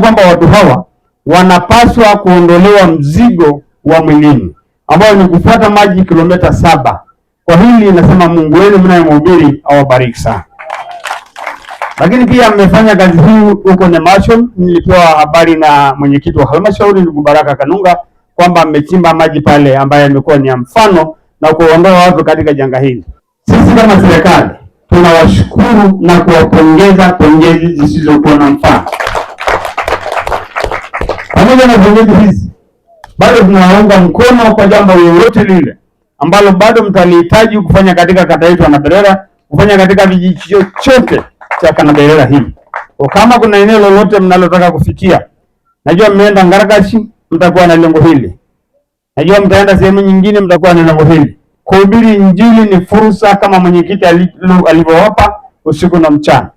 Kwamba watu hawa wanapaswa kuondolewa mzigo wa mwilini ambao ni kufuata maji kilomita saba. Kwa hili nasema Mungu wenu mnayemhubiri awabariki sana. Lakini pia mmefanya kazi hii huko Nemasho. Nilipewa habari na mwenyekiti wa halmashauri ndugu Baraka Kanunga kwamba mmechimba maji pale ambayo yamekuwa ni ya mfano na kuondoa watu katika janga hili. Sisi kama serikali tunawashukuru na kuwapongeza pongezi zisizokuwa na mfano. Pamoja na juhudi hizi, bado tunawaunga mkono kwa jambo lolote lile ambalo bado mtalihitaji kufanya katika kata yetu ya Kanaberera, kufanya katika vijiji chochote cha Kanaberera hii. Kwa kama kuna eneo lolote mnalotaka kufikia, najua mmeenda Ngarakashi, mtakuwa na lengo hili, najua mtaenda sehemu nyingine, mtakuwa na lengo hili. Kuhubiri Injili ni fursa kama mwenyekiti alivyowapa usiku na mchana.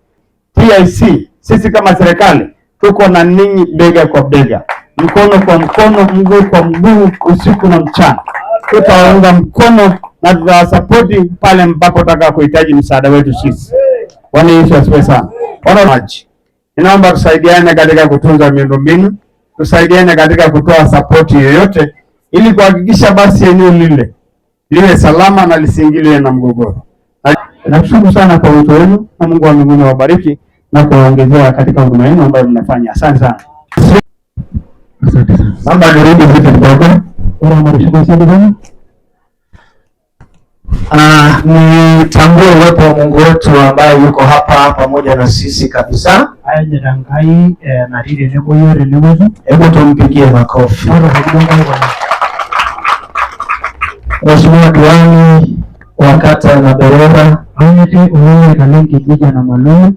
TIC sisi kama serikali tuko na ninyi bega kwa bega, mkono kwa mkono, mguu kwa mguu, usiku na mchana. Tutaunga mkono na tutawasapoti pale mpaka taka kuhitaji msaada wetu sisi. Bwana Yesu asifiwe sana. maji, ninaomba tusaidiane katika kutunza miundombinu, tusaidiane katika kutoa sapoti yoyote, ili kuhakikisha basi eneo lile liwe salama na lisiingiliwe na mgogoro. Nashukuru sana kwa wito wenu na Mungu wa mbinguni awabariki na kuwaongezea katika huduma yenu ambayo mnafanya. Asante sana. Labda nirudi vitu kidogo. Ah, nitambue uwepo wa Mungu wetu ambaye yuko hapa pamoja na sisi kabisa. Eh, Hebu tumpigie makofi. Mheshimiwa Diwani wa Kata na Maberera, kijiji na Malume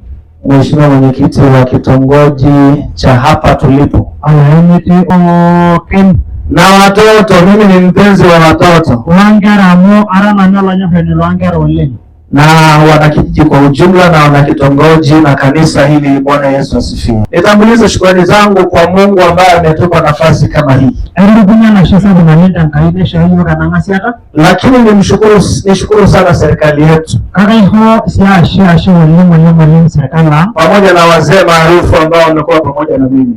Mheshimiwa mwenyekiti wa kitongoji cha hapa tulipo, na watoto, mimi ni mpenzi wa watoto. wangera mo ara nanyola nyohenelwangera oleni na wanakijiji kwa ujumla na wanakitongoji na kanisa hili. Bwana Yesu asifiwe. Nitambulize shukrani zangu kwa Mungu ambaye ametupa nafasi kama hii, lakini nimshukuru, nishukuru sana serikali yetu pamoja na wazee maarufu ambao wamekuwa pamoja na mimi.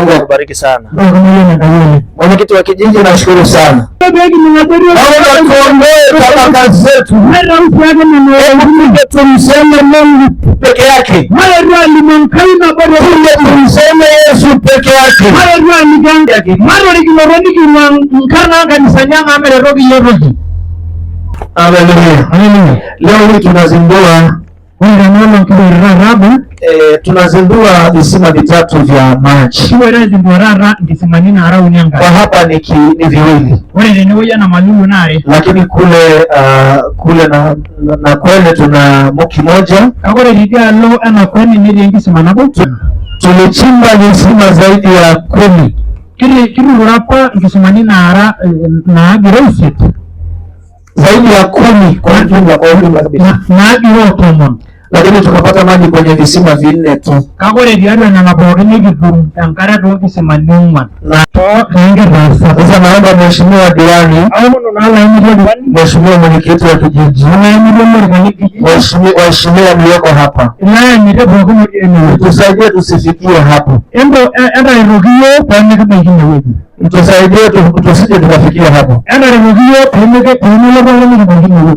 Mungu akubariki sana. Mwenyekiti wa kijiji, nashukuru sana. tabaka zetu, tumseme Mungu peke yake, tumseme Yesu peke yake. Leo hii tunazindua Eh, tunazindua visima vitatu vya maji kwa hapa ni, ki, ni viwili lakini kule uh, kule na, na kwele tuna moja mukimoja tulichimba visima zaidi ya kumi kirurapa nkisumanini ara eh, na isiet zaidi ya kumi kwa ujumla kwa ujumla kabisa naagire otomon lakini tukapata maji kwenye visima vinne tu. kakore tiatua nena pookin nikitum enkare too kisimani ong'wan Sasa naomba mheshimiwa diwani, mheshimiwa mwenyekiti wa kijiji, waheshimiwa mlioko hapa, tusaidie tusifikie hapo, entaretokiyo e, peemikibaiki inewueji tusaidie tusije tukafikia hapo, entaretokiyo peemikibaiki inewueji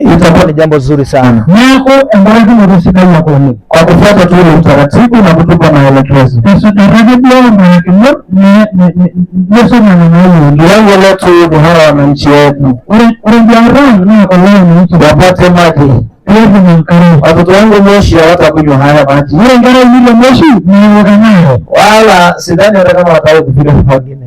itakuwa ni jambo zuri sana kwa kufuata tu ule utaratibu na kutupa maelekezo. Lengo letu ni hawa wananchi wetu wapate maji. Watoto wangu Moshi hawatakunywa haya maji wala sidhani hata kama wataweza kufika kwingine.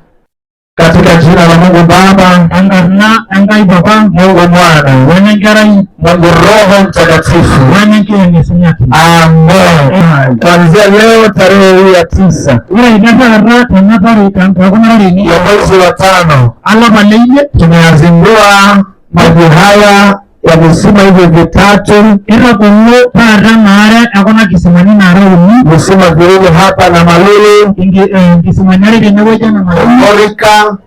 katika jina la Mungu Baba, angarna angai Baba, Mungu Mwana, wenengerai ngarai, Mungu Roho Mtakatifu, wenye kene sinyati. Amen. Kuanzia leo tarehe hii ya tisa ile inafara tanafari kankagunarini ya mwezi wa tano, ala maleile tumeazindua maji haya ya visima hivyo vitatu iraguo taata naare akona kisimani naara uni misima viwili hapa na Malulu, eh, kisimani are tenewueji na Malulu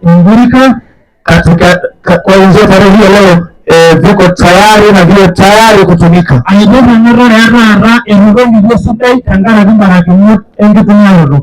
Mburika katika kuanzia tarehe hiyo leo E, viko tayari na vile tayari kutumika aidoanyorore taata erurogirio sidai tenkaraki mbarakinot enkitumiaroto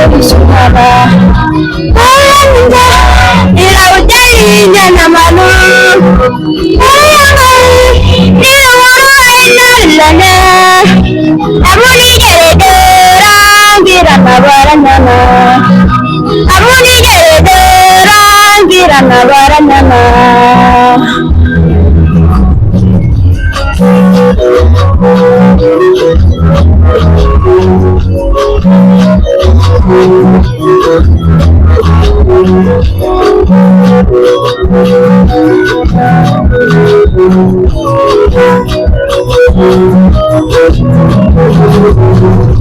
i bayan da iraudai da namanu bayan hari ne waro lana amuni gere dora gira mabara nana amuni gere dora gira mabara nana Thank you.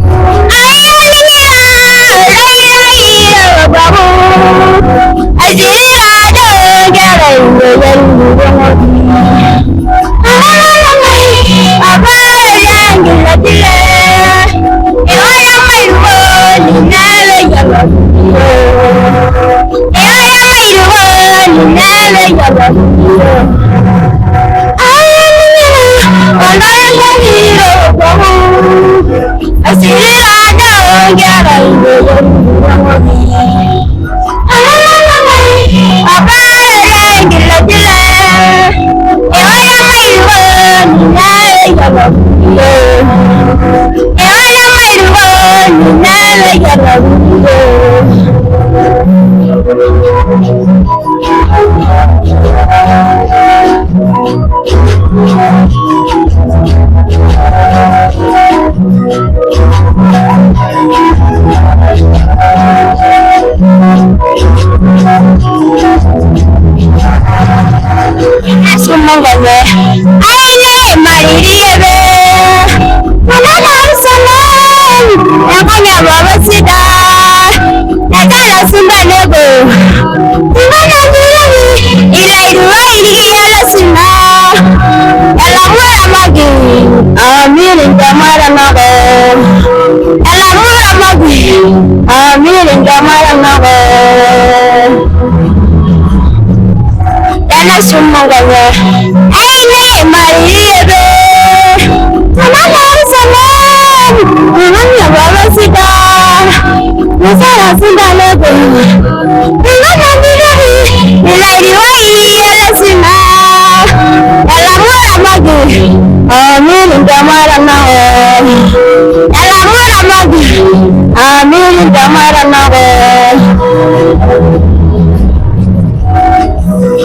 mangwanya aine marido anaga salam nanya baba sida musara sida lego nanga nidari ilari wai yelesina elamura magi amin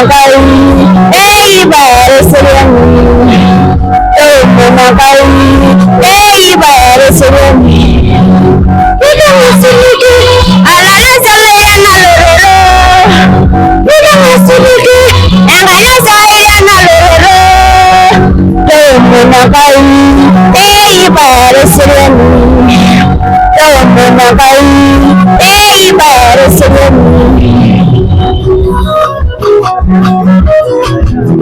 monakai ei bareseriani ei monakai